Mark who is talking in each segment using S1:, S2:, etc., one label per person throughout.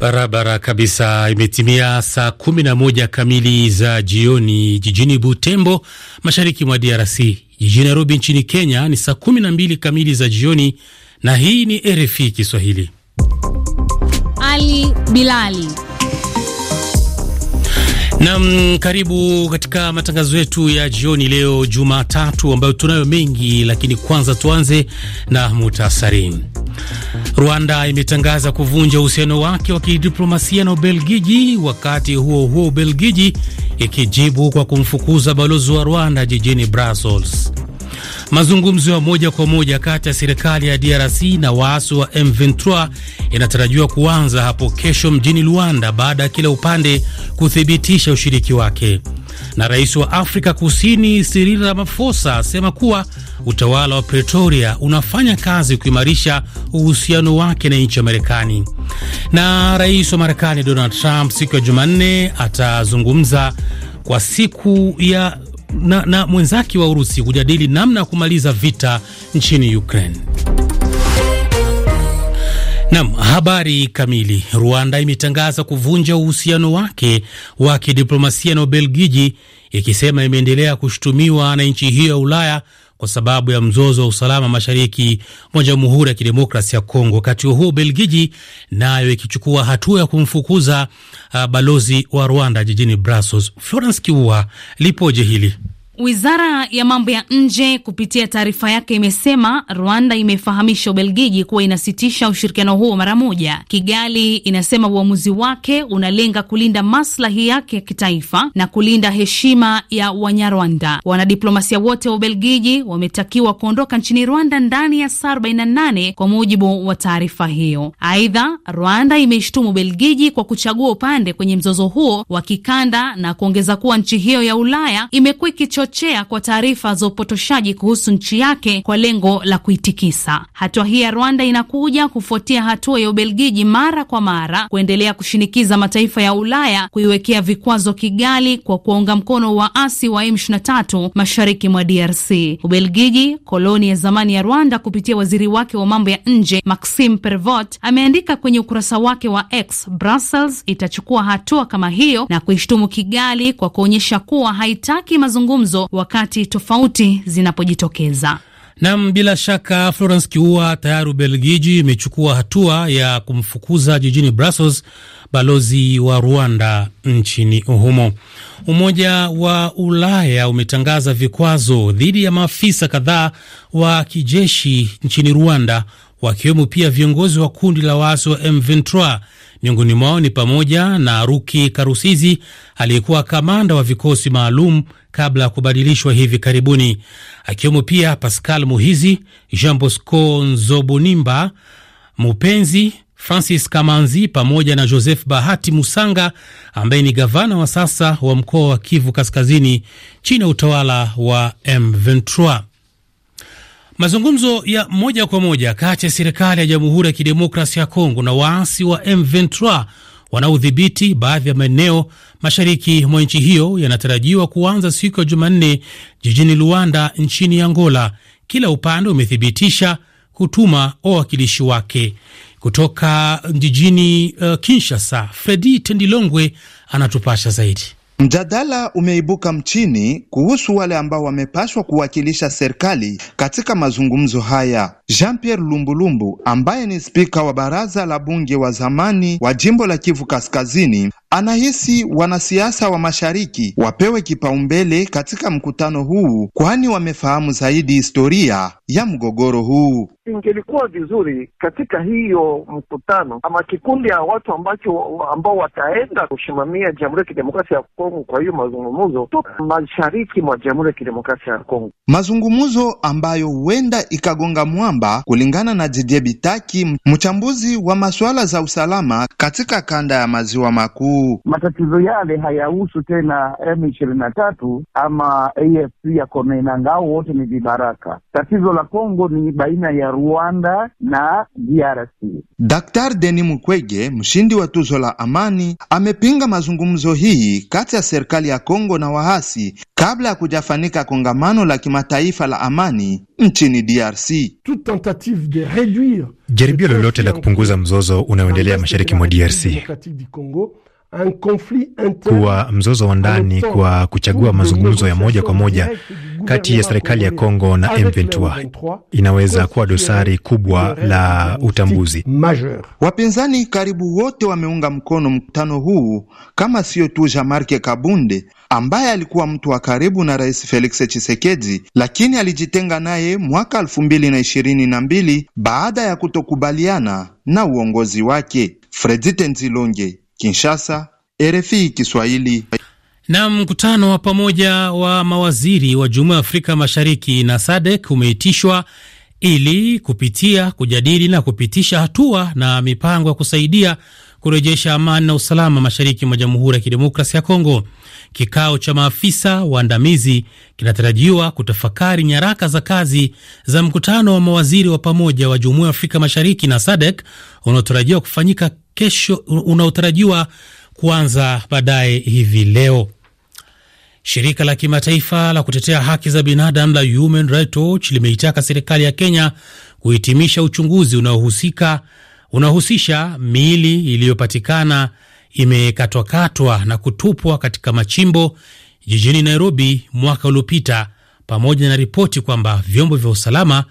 S1: Barabara kabisa. Imetimia saa 11 kamili za jioni jijini Butembo, mashariki mwa DRC. Jijini Nairobi nchini Kenya ni saa mbili kamili za jioni, na hii ni RFI Kiswahili.
S2: Ali Bilali
S1: nam, karibu katika matangazo yetu ya jioni leo Jumatatu, ambayo tunayo mengi, lakini kwanza tuanze na muhtasari Rwanda imetangaza kuvunja uhusiano wake wa kidiplomasia na Ubelgiji, wakati huo huo Ubelgiji ikijibu kwa kumfukuza balozi wa Rwanda jijini Brussels. Mazungumzo ya moja kwa moja kati ya serikali ya DRC na waasi wa M23 yanatarajiwa kuanza hapo kesho mjini Luanda baada ya kila upande kuthibitisha ushiriki wake na rais wa Afrika Kusini Cyril Ramaphosa asema kuwa utawala wa Pretoria unafanya kazi kuimarisha uhusiano wake na nchi ya Marekani. Na rais wa Marekani Donald Trump siku ya Jumanne atazungumza kwa siku ya na, na mwenzake wa Urusi kujadili namna ya kumaliza vita nchini Ukraine. Nam, habari kamili. Rwanda imetangaza kuvunja uhusiano wake wa kidiplomasia na Ubelgiji, ikisema imeendelea kushutumiwa na nchi hiyo ya Ulaya kwa sababu ya mzozo wa usalama mashariki mwa Jamhuri ya Kidemokrasi ya Kongo. Wakati huo Ubelgiji nayo ikichukua hatua ya kumfukuza uh, balozi wa Rwanda jijini Brussels. Florence Kiua lipoje hili?
S2: Wizara ya mambo ya nje kupitia taarifa yake imesema Rwanda imefahamisha Ubelgiji kuwa inasitisha ushirikiano huo mara moja. Kigali inasema uamuzi wake unalenga kulinda maslahi yake ya kitaifa na kulinda heshima ya Wanyarwanda. Wanadiplomasia wote wa Ubelgiji wametakiwa kuondoka nchini Rwanda ndani ya saa 48 kwa mujibu wa taarifa hiyo. Aidha, Rwanda imeshtumu Ubelgiji kwa kuchagua upande kwenye mzozo huo wa kikanda na kuongeza kuwa nchi hiyo ya Ulaya imekuwa kuchochea kwa taarifa za upotoshaji kuhusu nchi yake kwa lengo la kuitikisa. Hatua hii ya Rwanda inakuja kufuatia hatua ya Ubelgiji mara kwa mara kuendelea kushinikiza mataifa ya Ulaya kuiwekea vikwazo Kigali kwa kuwaunga mkono waasi wa M23 mashariki mwa DRC. Ubelgiji, koloni ya zamani ya Rwanda, kupitia waziri wake wa mambo ya nje Maxime Prevot ameandika kwenye ukurasa wake wa X, Brussels itachukua hatua kama hiyo na kuishtumu Kigali kwa kuonyesha kuwa haitaki mazungumzo hizo wakati tofauti zinapojitokeza.
S1: Nam, bila shaka Florence Kiua, tayari Ubelgiji imechukua hatua ya kumfukuza jijini Brussels balozi wa Rwanda nchini humo. Umoja wa Ulaya umetangaza vikwazo dhidi ya maafisa kadhaa wa kijeshi nchini Rwanda, wakiwemo pia viongozi wa kundi la waasi wa M23. Miongoni mwao ni pamoja na Ruki Karusizi, aliyekuwa kamanda wa vikosi maalum kabla ya kubadilishwa hivi karibuni, akiwemo pia Pascal Muhizi, Jean Bosco Nzobonimba, Mupenzi Francis Kamanzi pamoja na Joseph Bahati Musanga ambaye ni gavana wa sasa wa mkoa wa Kivu Kaskazini chini ya utawala wa M23. Mazungumzo ya moja kwa moja kati ya serikali ya Jamhuri ya Kidemokrasia ya Kongo na waasi wa M23 wanaodhibiti baadhi ya maeneo mashariki mwa nchi hiyo yanatarajiwa kuanza siku ya Jumanne jijini Luanda nchini Angola. Kila upande umethibitisha kutuma wawakilishi wake kutoka jijini uh, Kinshasa. Fredi Tendilongwe anatupasha zaidi.
S3: Mjadala umeibuka mchini kuhusu wale ambao wamepaswa kuwakilisha serikali katika mazungumzo haya. Jean-Pierre Lumbulumbu ambaye ni spika wa baraza la bunge wa zamani wa jimbo la Kivu Kaskazini Anahisi wanasiasa wa mashariki wapewe kipaumbele katika mkutano huu, kwani wamefahamu zaidi historia ya mgogoro huu. Ingelikuwa vizuri katika hiyo mkutano ama kikundi ya watu
S1: ambacho ambao wataenda kusimamia Jamhuri ya Kidemokrasia ya Kongo kwa hiyo mazungumzo tu mashariki mwa Jamhuri ya Kidemokrasia ya Kongo,
S3: mazungumzo ambayo huenda ikagonga mwamba, kulingana na Didier Bitaki, mchambuzi wa masuala za usalama katika kanda ya maziwa makuu matatizo yale hayahusu tena M ishirini na tatu ama AFC ya konena ngao, wote ni vibaraka. Tatizo la Kongo ni baina ya Rwanda na DRC. Daktari Denis Mukwege, mshindi wa tuzo la amani, amepinga mazungumzo hii kati ya serikali ya Kongo na waasi kabla ya kujafanika kongamano la kimataifa la amani nchini DRC.
S1: Jaribio lolote la kupunguza mzozo unaoendelea mashariki mwa DRC kuwa mzozo wa ndani kwa kuchagua mazungumzo ya moja kwa moja kati ya serikali ya Kongo na M23 inaweza
S3: kuwa dosari kubwa la utambuzi. Wapinzani karibu wote wameunga mkono mkutano huu, kama sio tu Jean-Marc Kabunde ambaye alikuwa mtu wa karibu na Rais Felix Tshisekedi, lakini alijitenga naye mwaka elfu baada ya kutokubaliana na uongozi wake. Fredi Tenzilonge Kinshasa, RFI Kiswahili.
S1: Na mkutano wa pamoja wa mawaziri wa Jumuiya ya Afrika Mashariki na SADC umeitishwa ili kupitia, kujadili na kupitisha hatua na mipango ya kusaidia kurejesha amani na usalama mashariki mwa Jamhuri ya Kidemokrasia ya Kongo. Kikao cha maafisa waandamizi kinatarajiwa kutafakari nyaraka za kazi za mkutano wa mawaziri wa pamoja wa Jumuiya ya Afrika Mashariki na SADC unaotarajiwa kufanyika kesho, unaotarajiwa kuanza baadaye hivi leo. Shirika la kimataifa la kutetea haki za binadamu la Human Rights Watch limeitaka serikali ya Kenya kuhitimisha uchunguzi unaohusika unahusisha miili iliyopatikana imekatwakatwa na kutupwa katika machimbo jijini Nairobi mwaka uliopita, pamoja na ripoti kwamba vyombo vya usalama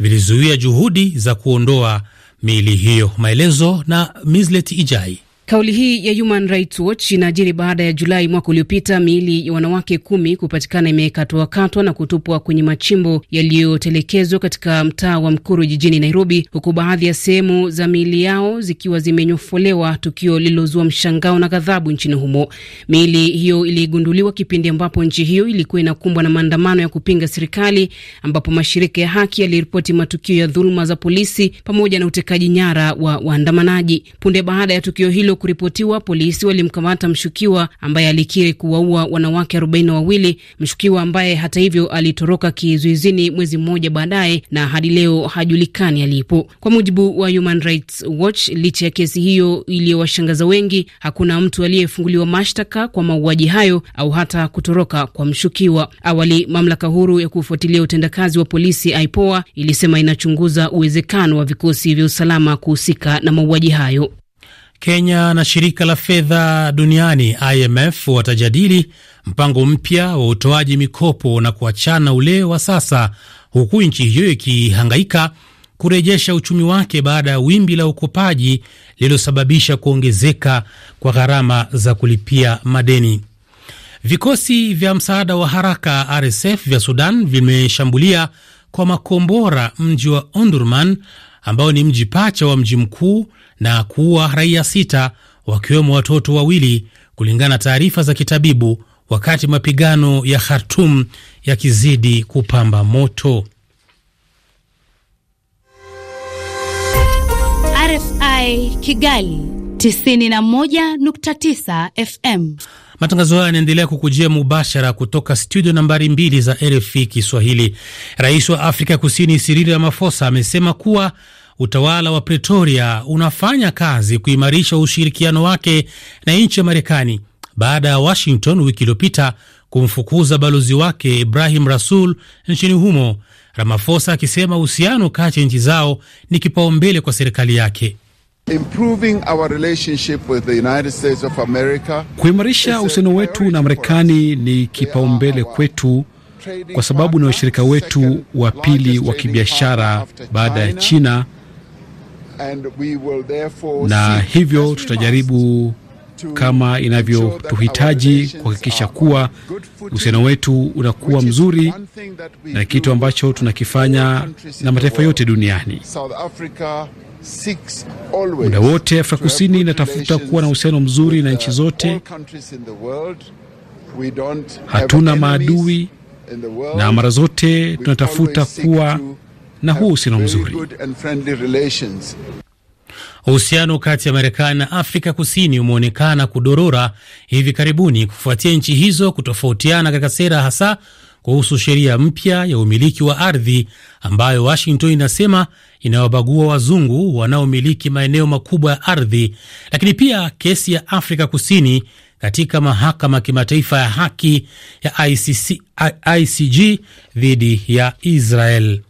S1: vilizuia juhudi za kuondoa miili hiyo. Maelezo na Mislet Ijai.
S4: Kauli hii ya Human Rights Watch inaajiri baada ya Julai mwaka uliopita miili ya wanawake kumi kupatikana imekatwakatwa na kutupwa kwenye machimbo yaliyotelekezwa katika mtaa wa Mkuru jijini Nairobi, huku baadhi ya sehemu za miili yao zikiwa zimenyofolewa, tukio lililozua mshangao na ghadhabu nchini humo. Miili hiyo iligunduliwa kipindi ambapo nchi hiyo ilikuwa inakumbwa na maandamano ya kupinga serikali, ambapo mashirika ya haki yaliripoti matukio ya dhuluma za polisi pamoja na utekaji nyara wa waandamanaji. Punde baada ya tukio hilo kuripotiwa, polisi walimkamata mshukiwa ambaye alikiri kuwaua wanawake arobaini wawili, mshukiwa ambaye hata hivyo alitoroka kizuizini mwezi mmoja baadaye na hadi leo hajulikani alipo. Kwa mujibu wa Human Rights Watch, licha ya kesi hiyo iliyowashangaza wengi, hakuna mtu aliyefunguliwa mashtaka kwa mauaji hayo au hata kutoroka kwa mshukiwa. Awali, mamlaka huru ya kufuatilia utendakazi wa polisi IPOA ilisema inachunguza uwezekano wa vikosi vya usalama kuhusika na mauaji hayo.
S1: Kenya na shirika la fedha duniani IMF watajadili mpango mpya wa utoaji mikopo na kuachana ule wa sasa, huku nchi hiyo ikihangaika kurejesha uchumi wake baada ya wimbi la ukopaji lililosababisha kuongezeka kwa gharama za kulipia madeni. Vikosi vya msaada wa haraka RSF vya Sudan vimeshambulia kwa makombora mji wa Omdurman ambao ni mji pacha wa mji mkuu na kuua raia sita wakiwemo watoto wawili, kulingana na taarifa za kitabibu, wakati mapigano ya Khartum yakizidi kupamba moto.
S2: RFI Kigali 91.9 FM.
S1: Matangazo haya yanaendelea kukujia mubashara kutoka studio nambari mbili za RFI Kiswahili. Rais wa Afrika Kusini Cyril Ramaphosa amesema kuwa utawala wa Pretoria unafanya kazi kuimarisha ushirikiano wake na nchi ya Marekani baada ya Washington wiki iliyopita kumfukuza balozi wake Ibrahim Rasul nchini humo, ramafosa akisema uhusiano kati ya nchi zao ni kipaumbele kwa serikali yake.
S3: Kuimarisha
S1: uhusiano wetu na Marekani ni kipaumbele kwetu kwa sababu ni washirika wetu wa pili wa kibiashara baada ya China na hivyo tutajaribu kama inavyotuhitaji kuhakikisha kuwa uhusiano wetu unakuwa mzuri, na kitu ambacho tunakifanya na mataifa yote duniani
S4: muda wote.
S1: Afrika Kusini inatafuta
S4: kuwa
S3: na uhusiano mzuri
S1: na nchi uh, zote.
S4: Hatuna maadui
S1: na mara zote tunatafuta kuwa na huu usino mzuri. Uhusiano kati ya Marekani na Afrika Kusini umeonekana kudorora hivi karibuni kufuatia nchi hizo kutofautiana katika sera, hasa kuhusu sheria mpya ya umiliki wa ardhi ambayo Washington inasema inawabagua wazungu wanaomiliki maeneo makubwa ya ardhi, lakini pia kesi ya Afrika Kusini katika mahakama ya kimataifa ya haki ya ICC, ICJ dhidi ya Israel.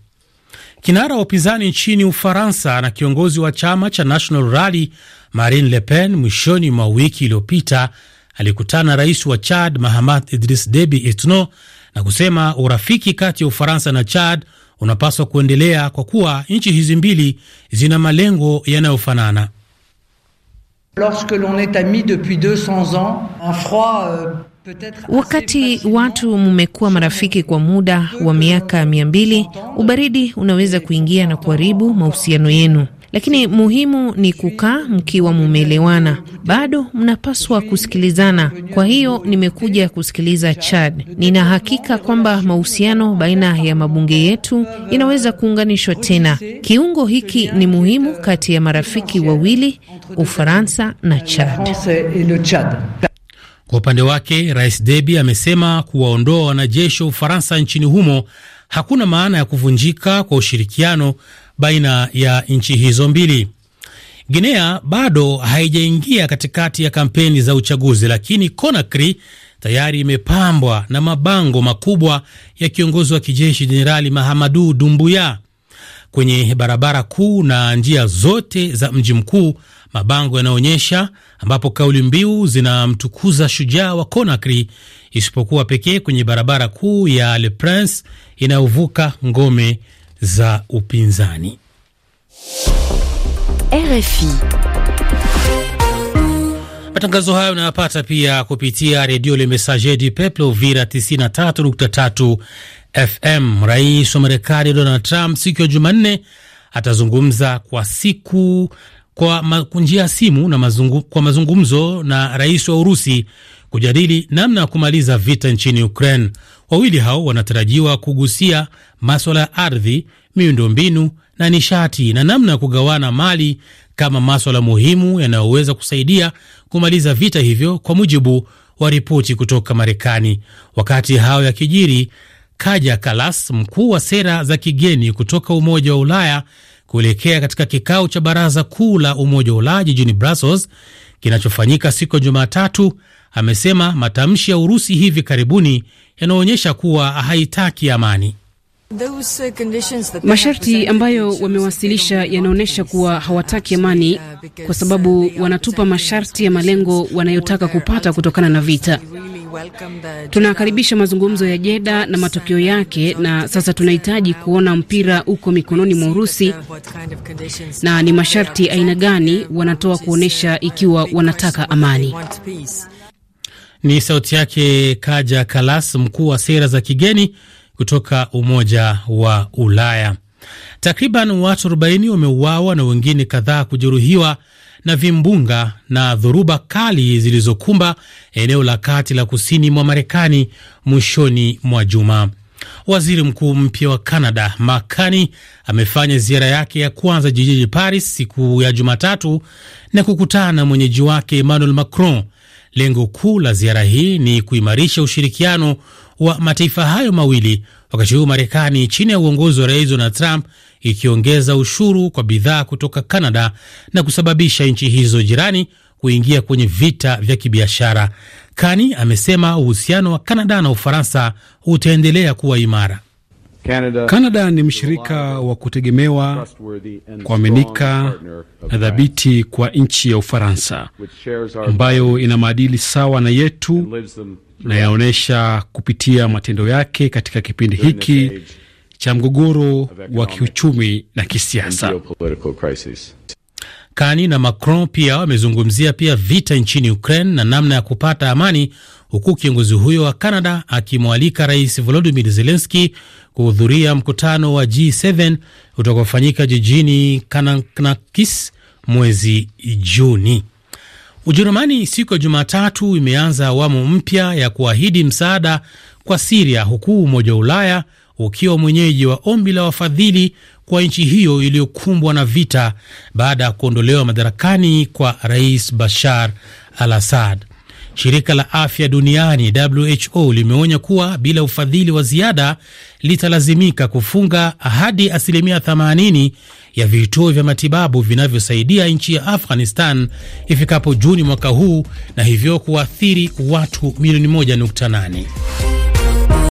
S1: Kinara wa upinzani nchini Ufaransa na kiongozi wa chama cha National Rally Marine Le Pen mwishoni mwa wiki iliyopita alikutana na rais wa Chad Mahamat Idris Deby Itno na kusema urafiki kati ya Ufaransa na Chad unapaswa kuendelea kwa kuwa nchi hizi mbili zina malengo yanayofanana.
S3: Lorsque l'on est ami depuis 200 ans, un froid euh,
S4: Wakati watu mmekuwa marafiki kwa muda wa miaka mia mbili, ubaridi unaweza kuingia na kuharibu mahusiano yenu, lakini muhimu ni kukaa mkiwa mumeelewana. Bado mnapaswa kusikilizana. Kwa hiyo nimekuja kusikiliza Chad. Nina hakika kwamba mahusiano baina ya mabunge yetu inaweza kuunganishwa tena. Kiungo hiki ni muhimu kati ya marafiki wawili, Ufaransa na Chad.
S1: Kwa upande wake, Rais Deby amesema kuwaondoa wanajeshi wa Ufaransa nchini humo hakuna maana ya kuvunjika kwa ushirikiano baina ya nchi hizo mbili. Guinea bado haijaingia katikati ya kampeni za uchaguzi, lakini Conakry tayari imepambwa na mabango makubwa ya kiongozi wa kijeshi Jenerali Mahamadu Dumbuya kwenye barabara kuu na njia zote za mji mkuu mabango yanaonyesha, ambapo kauli mbiu zinamtukuza shujaa wa Conakry, isipokuwa pekee kwenye barabara kuu ya Le Prince inayovuka ngome za upinzani. RFI. Matangazo hayo unayapata pia kupitia redio Le Messager du Peuple Vira 93.3 FM. Rais wa Marekani Donald Trump siku ya Jumanne atazungumza kwa siku kwa njia ya simu na mazungu, kwa mazungumzo na rais wa Urusi kujadili namna ya kumaliza vita nchini Ukraine. Wawili hao wanatarajiwa kugusia maswala ya ardhi, miundombinu na nishati na namna ya kugawana mali kama maswala muhimu yanayoweza kusaidia kumaliza vita hivyo, kwa mujibu wa ripoti kutoka Marekani. Wakati hao yakijiri, Kaja Kalas, mkuu wa sera za kigeni kutoka Umoja wa Ulaya kuelekea katika kikao cha baraza kuu la Umoja wa Ulaya jijini Brussels kinachofanyika siku ya Jumatatu, amesema matamshi ya Urusi hivi karibuni yanaonyesha kuwa haitaki amani.
S4: Masharti ambayo wamewasilisha yanaonyesha kuwa hawataki amani, kwa sababu wanatupa masharti ya malengo wanayotaka kupata kutokana na vita. Tunakaribisha mazungumzo ya Jeda na matokeo yake, na sasa tunahitaji kuona mpira uko mikononi mwa Urusi na ni masharti aina gani wanatoa uh, kuonyesha ikiwa wanataka amani.
S1: Ni sauti yake Kaja Kalas, mkuu wa sera za kigeni kutoka Umoja wa Ulaya. Takriban watu 40 wameuawa na wengine kadhaa kujeruhiwa na vimbunga na dhoruba kali zilizokumba eneo la kati la kusini mwa Marekani mwishoni mwa juma. Waziri mkuu mpya wa Canada makani amefanya ziara yake ya kwanza jijini Paris siku ya Jumatatu na kukutana na mwenyeji wake Emmanuel Macron. Lengo kuu la ziara hii ni kuimarisha ushirikiano wa mataifa hayo mawili wakati huu Marekani chini ya uongozi wa Rais Donald Trump ikiongeza ushuru kwa bidhaa kutoka Canada na kusababisha nchi hizo jirani kuingia kwenye vita vya kibiashara. Kani amesema uhusiano wa Canada na Ufaransa utaendelea kuwa imara.
S3: Canada, ni mshirika
S1: wa kutegemewa, kuaminika na dhabiti kwa nchi ya Ufaransa ambayo ina maadili sawa na yetu nayaonyesha kupitia matendo yake katika kipindi hiki cha mgogoro wa kiuchumi na kisiasa. Kani na Macron pia wamezungumzia pia vita nchini Ukraine na namna ya kupata amani, huku kiongozi huyo wa Canada akimwalika Rais Volodymyr Zelensky kuhudhuria mkutano wa G7 utakaofanyika jijini Kanakis mwezi Juni. Ujerumani siku ya Jumatatu imeanza awamu mpya ya kuahidi msaada kwa Siria, huku Umoja wa Ulaya ukiwa mwenyeji wa ombi la wafadhili kwa nchi hiyo iliyokumbwa na vita baada ya kuondolewa madarakani kwa Rais Bashar al Assad. Shirika la afya duniani WHO limeonya kuwa bila ufadhili wa ziada litalazimika kufunga hadi asilimia 80 ya vituo vya matibabu vinavyosaidia nchi ya Afghanistan ifikapo Juni mwaka huu na hivyo kuathiri watu milioni 1.8.